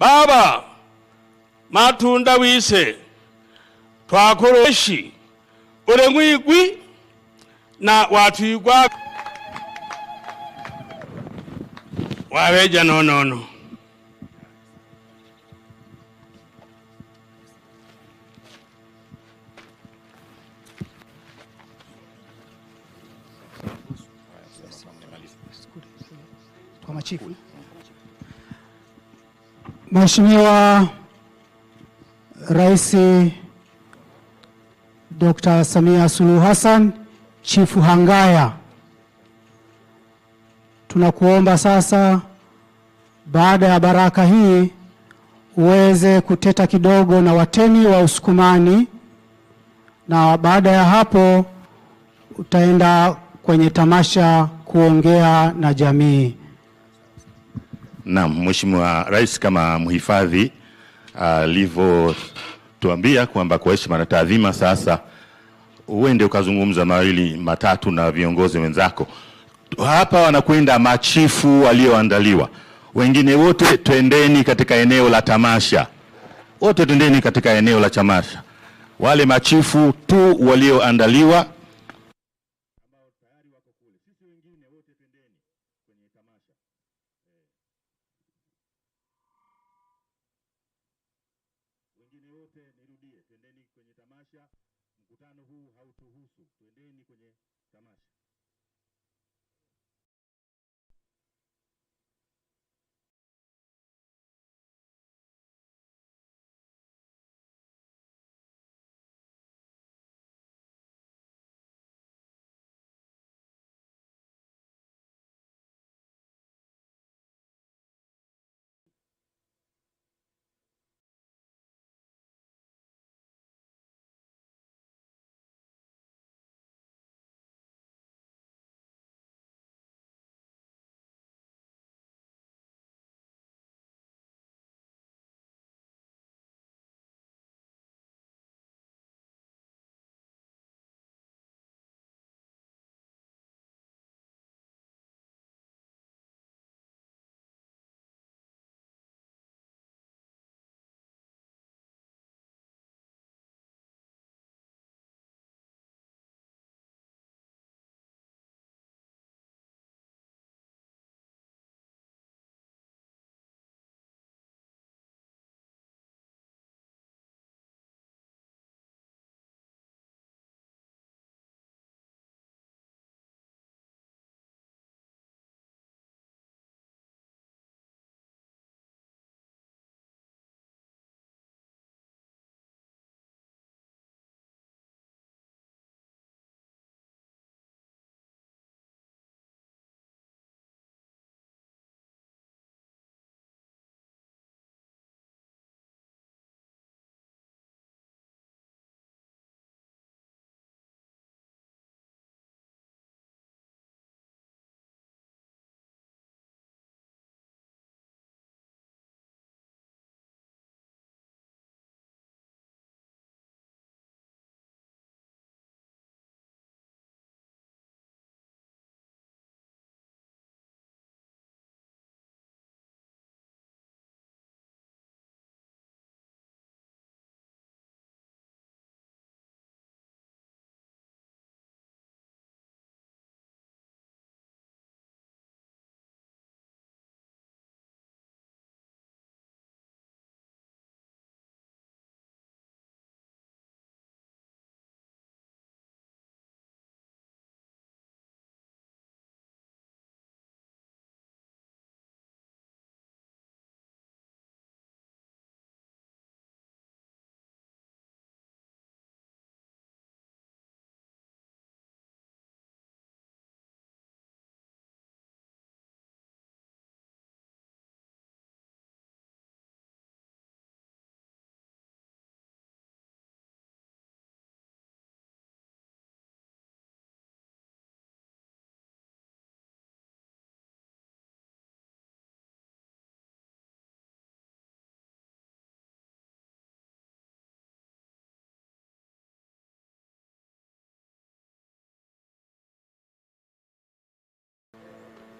baba matunda wise uli ng'wigwi na watwigwa waweja nonono kwa machifu Mheshimiwa Rais Dr. Samia Suluhu Hassan, Chifu Hangaya, tunakuomba sasa baada ya baraka hii uweze kuteta kidogo na wateni wa Usukumani, na baada ya hapo utaenda kwenye tamasha kuongea na jamii. Naam, Mheshimiwa Rais kama mhifadhi ah, alivyotuambia kwamba kwa heshima na taadhima, sasa uende ukazungumza mawili matatu na viongozi wenzako hapa, wanakwenda machifu walioandaliwa, wengine wote twendeni katika eneo la tamasha, wote twendeni katika eneo la tamasha, wale machifu tu walioandaliwa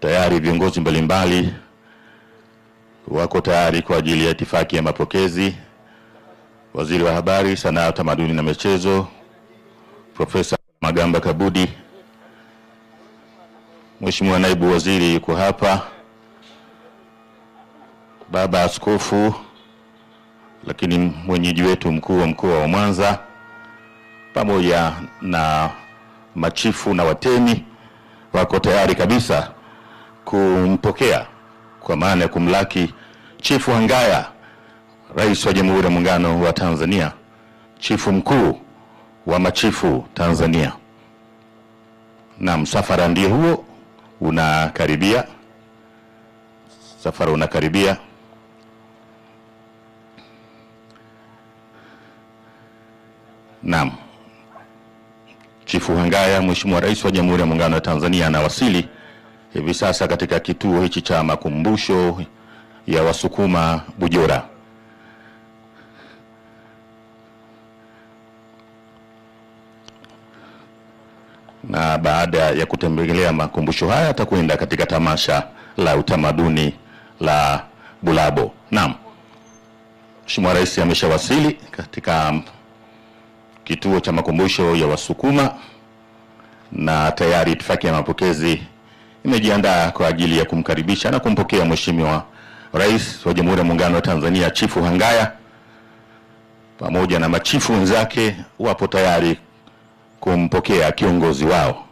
Tayari viongozi mbalimbali wako tayari kwa ajili ya itifaki ya mapokezi. Waziri wa Habari, Sanaa, Tamaduni na Michezo Profesa Magamba Kabudi, Mheshimiwa Naibu Waziri yuko hapa, Baba Askofu, lakini mwenyeji wetu mkuu wa mkoa wa Mwanza pamoja na machifu na watemi wako tayari kabisa kumpokea kwa maana ya kumlaki Chifu Hangaya, Rais wa Jamhuri ya Muungano wa Tanzania, chifu mkuu wa machifu Tanzania. Na msafara ndio huo unakaribia, msafara unakaribia. Naam, Chifu Hangaya, Mheshimiwa Rais wa Jamhuri ya Muungano wa Tanzania anawasili hivi sasa katika kituo hichi cha makumbusho ya Wasukuma Bujora. Na baada ya kutembelea makumbusho haya atakwenda katika tamasha la utamaduni la Bulabo. Naam. Mheshimiwa Rais ameshawasili katika kituo cha makumbusho ya Wasukuma na tayari itifaki ya mapokezi nimejiandaa kwa ajili ya kumkaribisha na kumpokea Mheshimiwa Rais wa Jamhuri ya Muungano wa Tanzania Chifu Hangaya pamoja na machifu wenzake wapo tayari kumpokea kiongozi wao.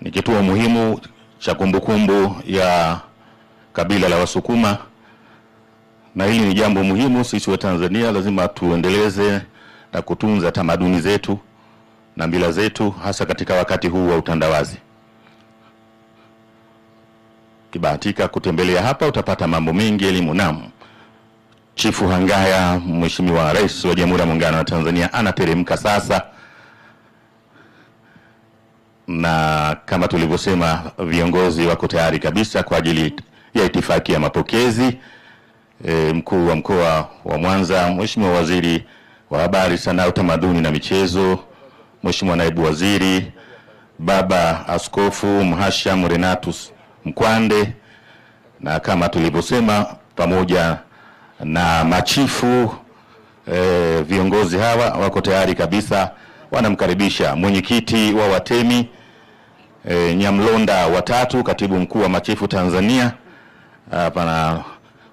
Ni kituo muhimu cha kumbukumbu ya kabila la Wasukuma, na hili ni jambo muhimu. Sisi wa Tanzania lazima tuendeleze na kutunza tamaduni zetu na mila zetu, hasa katika wakati huu wa utandawazi. Kibahatika kutembelea hapa, utapata mambo mengi elimu. Naam, Chifu Hangaya, Mheshimiwa Rais wa Jamhuri ya Muungano wa Tanzania anateremka sasa, na kama tulivyosema, viongozi wako tayari kabisa kwa ajili ya itifaki ya mapokezi. E, mkuu wa mkoa wa Mwanza, Mheshimiwa Waziri wa Habari, Sanaa, Utamaduni na Michezo, Mheshimiwa Naibu Waziri, Baba Askofu Mhashamu Renatus Mkwande, na kama tulivyosema pamoja na machifu e, viongozi hawa wako tayari kabisa, wanamkaribisha mwenyekiti wa Watemi e, Nyamlonda watatu, katibu mkuu wa machifu Tanzania Eh, pana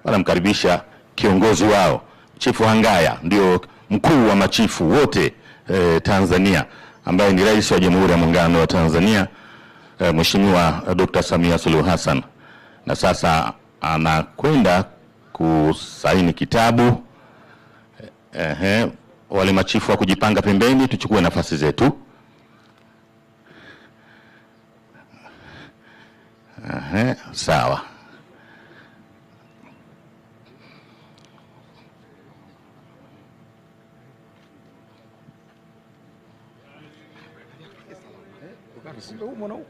wanamkaribisha kiongozi wao Chifu Hangaya, ndio mkuu wa machifu wote e, Tanzania, ambaye ni rais wa Jamhuri ya Muungano wa Tanzania e, Mheshimiwa Dr. Samia Suluhu Hassan, na sasa anakwenda kusaini kitabu ehe. Wale machifu wa kujipanga pembeni, tuchukue nafasi zetu. Uh-huh, sawa. não não.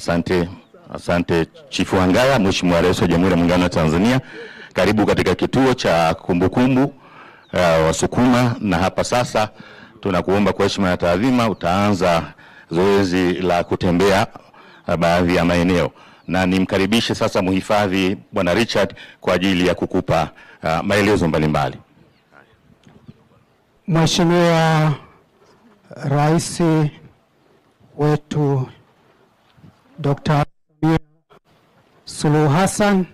Asante, asante Chifu Wangaya. Mheshimiwa Rais wa Jamhuri ya Muungano wa Tanzania, karibu katika kituo cha kumbukumbu uh, Wasukuma, na hapa sasa tunakuomba kwa heshima na taadhima utaanza zoezi la kutembea uh, baadhi ya maeneo, na nimkaribishe sasa mhifadhi Bwana Richard kwa ajili ya kukupa uh, maelezo mbalimbali. Mheshimiwa Rais wetu Dr. Samia Suluhu Hassan,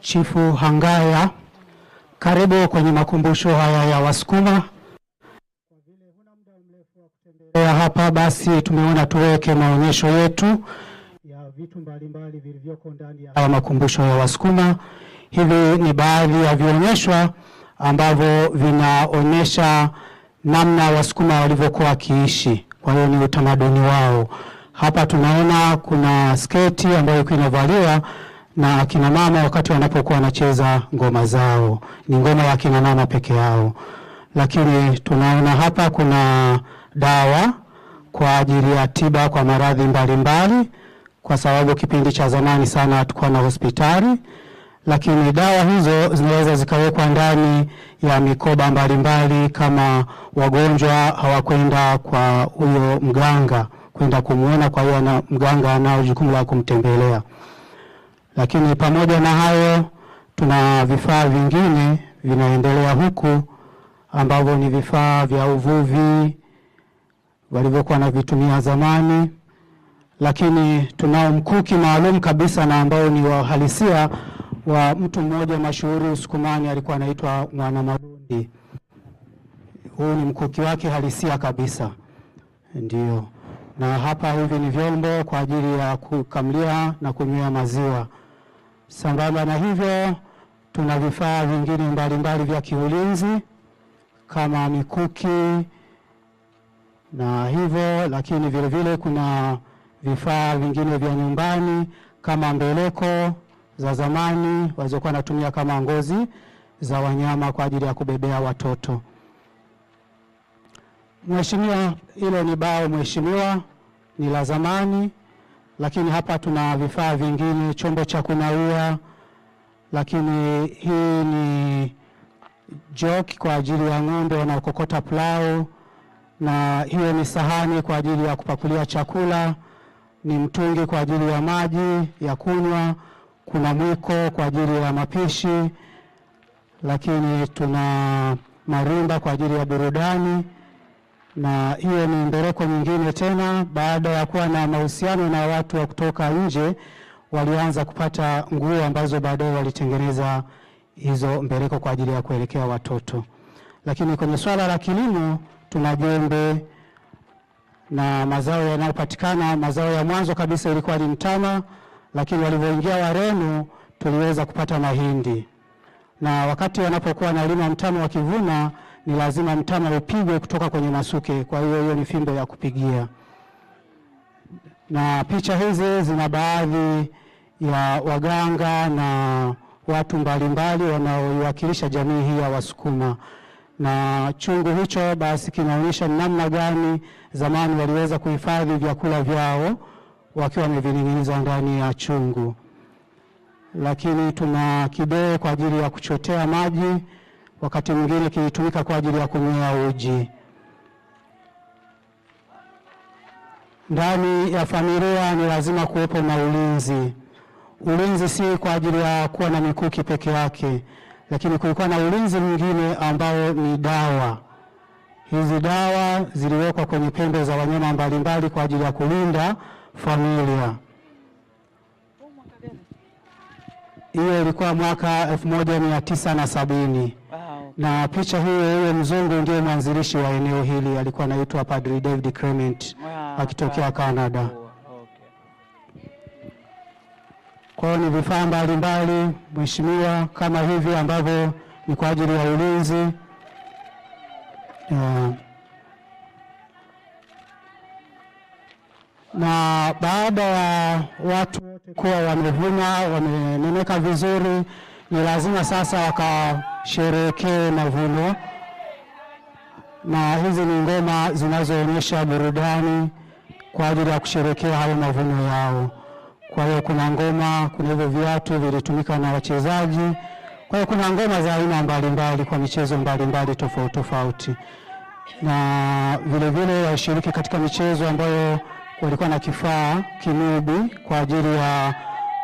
Chifu Hangaya, karibu kwenye makumbusho haya ya Wasukuma. Kwa vile huna muda mrefu wa kutembelea hapa, basi tumeona tuweke maonyesho yetu ya vitu mbalimbali vilivyoko ndani ya haya makumbusho ya Wasukuma. Hivi ni baadhi ya vionyeshwa ambavyo vinaonyesha namna Wasukuma walivyokuwa wakiishi, kwa hiyo ni utamaduni wao. Hapa tunaona kuna sketi ambayo iko inavaliwa na akina mama wakati wanapokuwa wanacheza ngoma zao, ni ngoma ya akina mama peke yao. Lakini tunaona hapa kuna dawa kwa ajili ya tiba kwa maradhi mbalimbali, kwa sababu kipindi cha zamani sana hatukuwa na hospitali, lakini dawa hizo zinaweza zikawekwa ndani ya mikoba mbalimbali mbali, kama wagonjwa hawakwenda kwa huyo mganga kwenda kumuona, Kwa hiyo mganga anao jukumu la kumtembelea. Lakini pamoja na hayo, tuna vifaa vingine vinaendelea huku ambavyo ni vifaa vya uvuvi walivyokuwa navitumia zamani, lakini tunao mkuki maalum kabisa na ambao ni wa uhalisia wa mtu mmoja mashuhuri Usukumani, alikuwa anaitwa Mwanamagundi. Huu ni mkuki wake halisia kabisa, ndio na hapa hivi ni vyombo kwa ajili ya kukamlia na kunywea maziwa. Sambamba na hivyo, tuna vifaa vingine mbalimbali vya kiulinzi kama mikuki na hivyo, lakini vile vile kuna vifaa vingine vya nyumbani kama mbeleko za zamani walizokuwa wanatumia kama ngozi za wanyama kwa ajili ya kubebea watoto. Mheshimiwa, hilo ni bao mheshimiwa, ni la zamani, lakini hapa tuna vifaa vingine, chombo cha kunaua, lakini hii ni joki kwa ajili ya ng'ombe wanaokokota plau, na hiyo ni sahani kwa ajili ya kupakulia chakula, ni mtungi kwa ajili ya maji ya kunywa, kuna mwiko kwa ajili ya mapishi, lakini tuna marimba kwa ajili ya burudani na hiyo ni mbereko nyingine tena, baada ya kuwa na mahusiano na watu wa kutoka nje, walianza kupata nguo ambazo baadaye walitengeneza hizo mbereko kwa ajili ya kuelekea watoto. Lakini kwenye swala la kilimo tuna jembe na mazao yanayopatikana, mazao ya mwanzo kabisa ilikuwa ni mtama, lakini walivyoingia Wareno tuliweza kupata mahindi, na wakati wanapokuwa na lima mtama wakivuna ni lazima mtama upigwe kutoka kwenye masuke. Kwa hiyo hiyo ni fimbo ya kupigia, na picha hizi zina baadhi ya waganga na watu mbalimbali wanaoiwakilisha jamii hii ya Wasukuma na chungu hicho basi kinaonyesha namna gani zamani waliweza kuhifadhi vyakula vyao wakiwa wamevining'iniza ndani ya chungu. Lakini tuna kibee kwa ajili ya kuchotea maji wakati mwingine kilitumika kwa ajili ya kunywea uji. Ndani ya familia ni lazima kuwepo na ulinzi. Ulinzi si kwa ajili ya kuwa na mikuki peke yake, lakini kulikuwa na ulinzi mwingine ambao ni dawa. Hizi dawa ziliwekwa kwenye pembe za wanyama mbalimbali kwa ajili ya kulinda familia. Hiyo ilikuwa mwaka elfu moja mia tisa na sabini na picha hiyo, yeye mzungu ndiye mwanzilishi wa eneo hili, alikuwa anaitwa Padri David Clement akitokea Canada. Oh, kwa hiyo ni vifaa mbalimbali mheshimiwa, kama hivi ambavyo ni kwa ajili ya ulinzi yeah. na baada ya watu wote kuwa wamevuna wamenemeka vizuri ni lazima sasa wakasherehekee mavuno, na hizi ni ngoma zinazoonyesha burudani kwa ajili ya kusherehekea hayo mavuno yao. Kwa hiyo kuna ngoma, kuna hivyo viatu vilitumika na wachezaji. Kwa hiyo kuna ngoma za aina mbalimbali kwa michezo mbalimbali tofauti tofauti, na vilevile washiriki katika michezo ambayo walikuwa na kifaa kinubi kwa ajili ya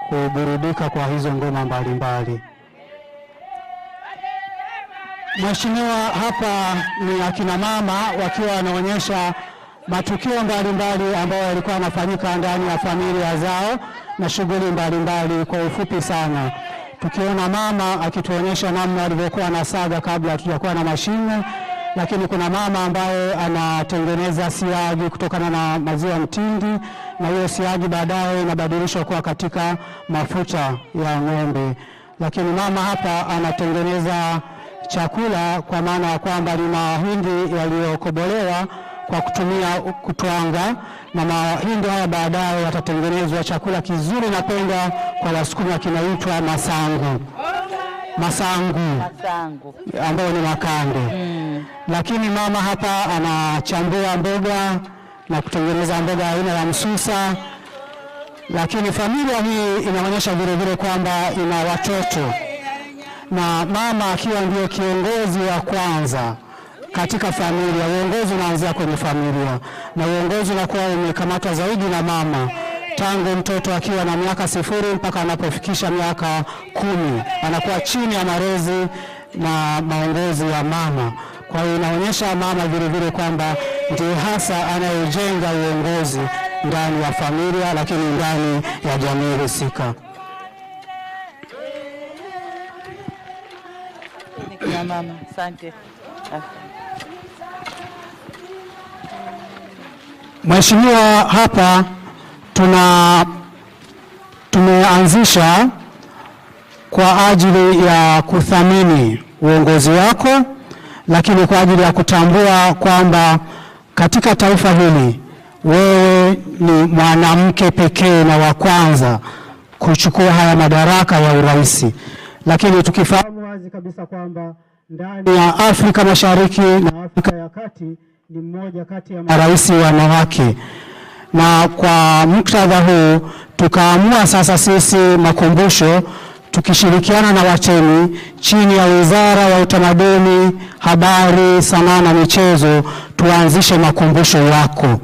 kuburudika kwa hizo ngoma mbalimbali. Mheshimiwa, hapa ni akina mama wakiwa wanaonyesha matukio mbalimbali ambayo yalikuwa yanafanyika ndani ya familia zao na shughuli mbalimbali. Kwa ufupi sana, tukiona mama akituonyesha namna alivyokuwa na saga kabla hatujakuwa na mashine, lakini kuna mama ambaye anatengeneza siagi kutokana na maziwa mtindi, na hiyo siagi baadaye inabadilishwa kuwa katika mafuta ya ng'ombe, lakini mama hapa anatengeneza chakula kwa maana ya kwamba ni mahindi yaliyokobolewa kwa kutumia kutwanga, na mahindi haya baadaye yatatengenezwa chakula kizuri napenda kwa Wasukuma kinaitwa masangu masangu, masangu, ambayo ni makande hmm. Lakini mama hapa anachambua mboga na kutengeneza mboga aina ya msusa, lakini familia hii inaonyesha vilevile kwamba ina watoto na mama akiwa ndio kiongozi wa kwanza katika familia. Uongozi unaanzia kwenye familia na uongozi unakuwa umekamata zaidi na mama tangu mtoto akiwa na miaka sifuri mpaka anapofikisha miaka kumi anakuwa chini ya malezi na maongozi ya mama. Kwa hiyo inaonyesha mama vilevile kwamba ndiye hasa anayejenga uongozi ndani ya familia, lakini ndani ya jamii husika. mama, asante. Mheshimiwa, hapa tuna tumeanzisha kwa ajili ya kuthamini uongozi wako, lakini kwa ajili ya kutambua kwamba katika taifa hili wewe ni mwanamke pekee na wa kwanza kuchukua haya madaraka ya urais, lakini tukifahamu wazi kabisa kwamba ndani ya Afrika Mashariki na Afrika ya Kati ni mmoja kati ya marais wanawake, na kwa muktadha huu tukaamua sasa sisi makumbusho tukishirikiana na Watemi chini ya Wizara ya Utamaduni, Habari, Sanaa na Michezo tuanzishe makumbusho yako.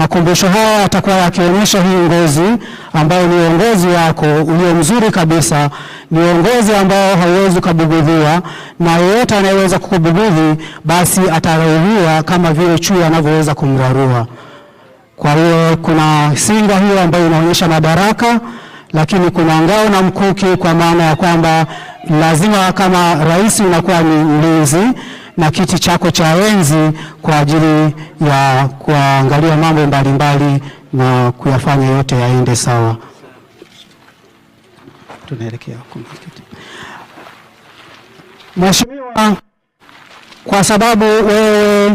Makumbusho haya yatakuwa yakionyesha hii ngozi ambayo ni uongozi wako ulio mzuri kabisa, ni uongozi ambao hauwezi ukabugudhiwa, na yeyote anayeweza kukubugudhi basi atarauliwa kama vile chui anavyoweza kumrarua. Kwa hiyo kuna singa hiyo ambayo inaonyesha madaraka, lakini kuna ngao na mkuki, kwa maana ya kwamba lazima kama rais unakuwa ni mlinzi na kiti chako cha enzi kwa ajili ya kuangalia mambo mbalimbali na kuyafanya yote yaende sawa. Tunaelekea Mheshimiwa, kwa sababu wewe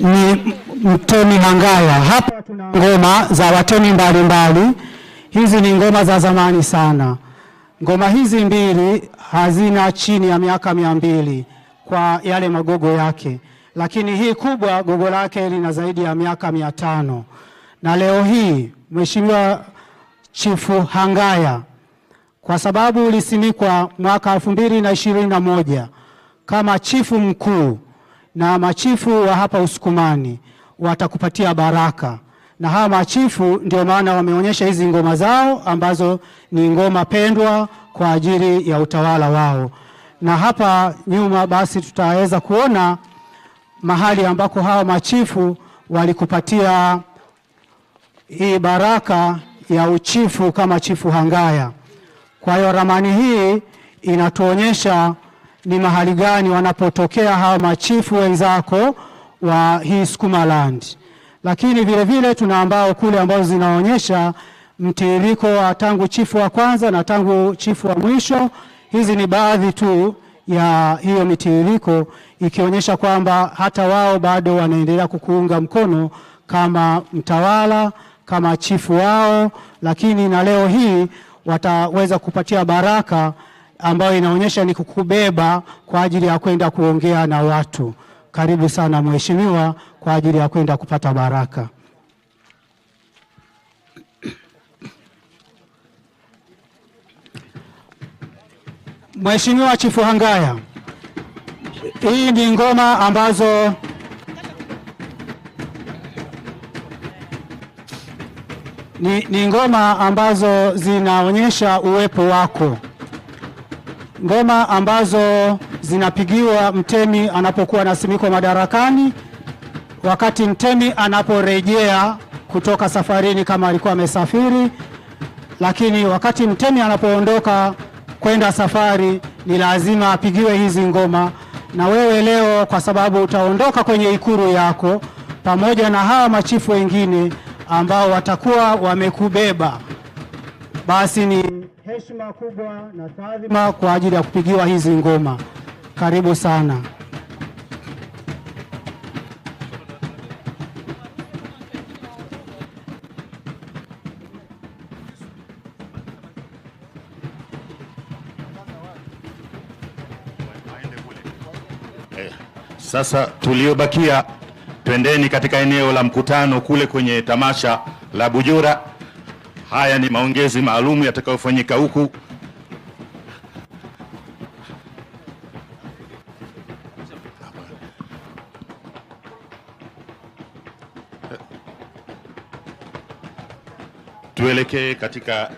ni mtoni hangaya, hapa tuna ngoma za watoni mbalimbali mbali. Hizi ni ngoma za zamani sana. Ngoma hizi mbili hazina chini ya miaka mia mbili kwa yale magogo yake, lakini hii kubwa gogo lake lina zaidi ya miaka mia tano na leo hii Mheshimiwa Chifu Hangaya kwa sababu ulisimikwa mwaka elfu mbili na ishirini na moja kama chifu mkuu, na machifu wa hapa Usukumani watakupatia baraka, na hawa machifu ndio maana wameonyesha hizi ngoma zao ambazo ni ngoma pendwa kwa ajili ya utawala wao na hapa nyuma basi tutaweza kuona mahali ambako hawa machifu walikupatia hii baraka ya uchifu kama Chifu Hangaya. Kwa hiyo ramani hii inatuonyesha ni mahali gani wanapotokea hawa machifu wenzako wa hii Sukumaland, lakini vile vile tuna ambao kule ambazo zinaonyesha mtiririko wa tangu chifu wa kwanza na tangu chifu wa mwisho Hizi ni baadhi tu ya hiyo mitiririko ikionyesha kwamba hata wao bado wanaendelea kukuunga mkono kama mtawala, kama chifu wao, lakini na leo hii wataweza kupatia baraka ambayo inaonyesha ni kukubeba kwa ajili ya kwenda kuongea na watu. Karibu sana mheshimiwa, kwa ajili ya kwenda kupata baraka. Mheshimiwa Chifu Hangaya, hii ni ngoma ambazo ni, ni ngoma ambazo zinaonyesha uwepo wako, ngoma ambazo zinapigiwa mtemi anapokuwa anasimikwa madarakani, wakati mtemi anaporejea kutoka safarini kama alikuwa amesafiri, lakini wakati mtemi anapoondoka kwenda safari, ni lazima apigiwe hizi ngoma. Na wewe leo, kwa sababu utaondoka kwenye ikulu yako pamoja na hawa machifu wengine ambao watakuwa wamekubeba, basi ni heshima kubwa na taadhima kwa ajili ya kupigiwa hizi ngoma. Karibu sana. Sasa tuliobakia, twendeni katika eneo la mkutano kule kwenye tamasha la bujura Haya ni maongezi maalum yatakayofanyika huku. Tuelekee katika